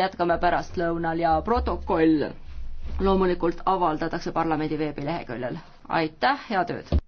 jätkame pärastlõunal ja protokoll loomulikult avaldatakse parlamendi veebileheküljel. aitäh, head ööd!